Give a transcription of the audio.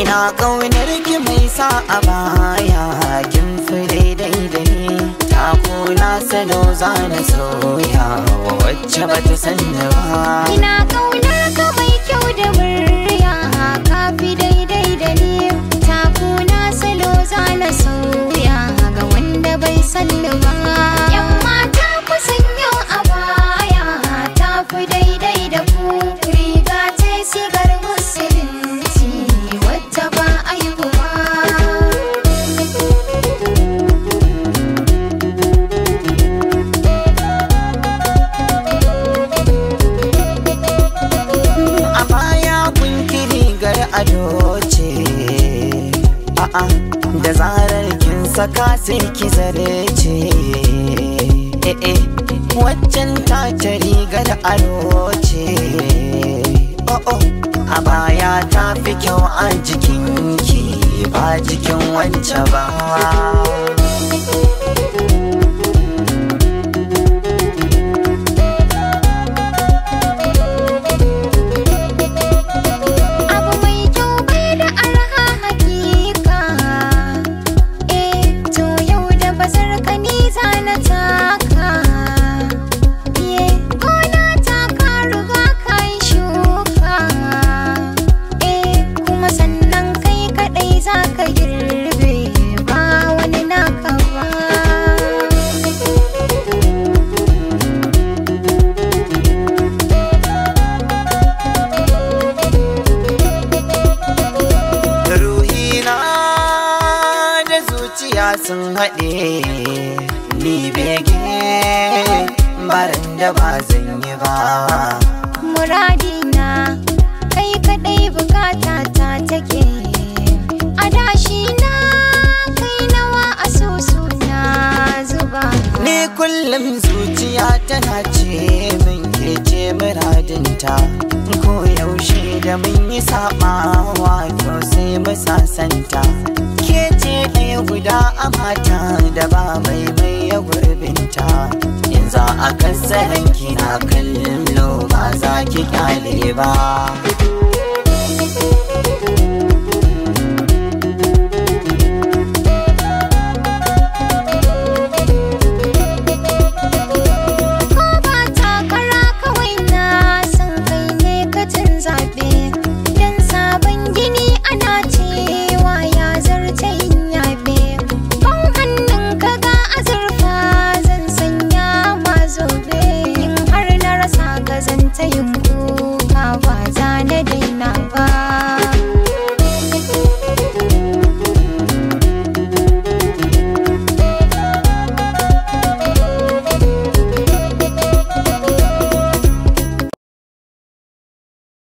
ina kaunar ki mai sa a baya kin fi daidai da ni ta kula salo za na soya wacce ba ta da ba ina kaunar ka mai kyau da murya ka fi daidai da ni ta kula salo za na soya ga wanda bai sanna ba yan kusan yau a baya ta daidai da ku riga ta sigar musu ado ce a'a da zarar kin saka sai ki zare ce e'e eh, eh, waccan ta ta riga da ado ce o'o oh, oh, a baya ta fi kyau a jikin ki ba jikin wance ba sun haɗe ni bege barin da ba zan yi ba muradina kai kaɗai bukata ta take adashi na kai nawa asusu na zuba ni kullum zuciya tana ce min ke ce muradinta ko yau da mun yi saɓawa to sai mu sasanta ke ce ɗaya guda a mata da ba mai mai ya gurbinta yanzu a kan kina kallon ba za ki kyale ba